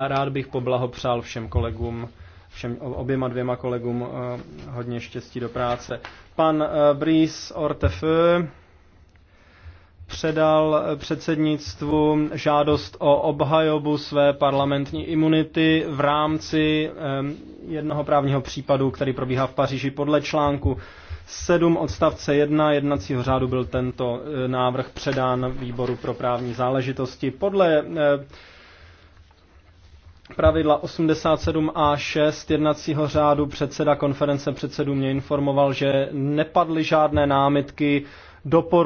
rád bych poblahopřál všem kolegům, všem oběma dvěma kolegům eh, hodně štěstí do práce. Pan eh, Brice Ortefe předal eh, předsednictvu žádost o obhajobu své parlamentní imunity v rámci jednoho právního případu, který probíhá v Paříži podle článku 7 odstavce 1 jednacího řádu byl tento návrh předán výboru pro právní záležitosti. Podle pravidla 87a6 jednacího řádu předseda konference předsedů mě informoval, že nepadly žádné námitky, doporu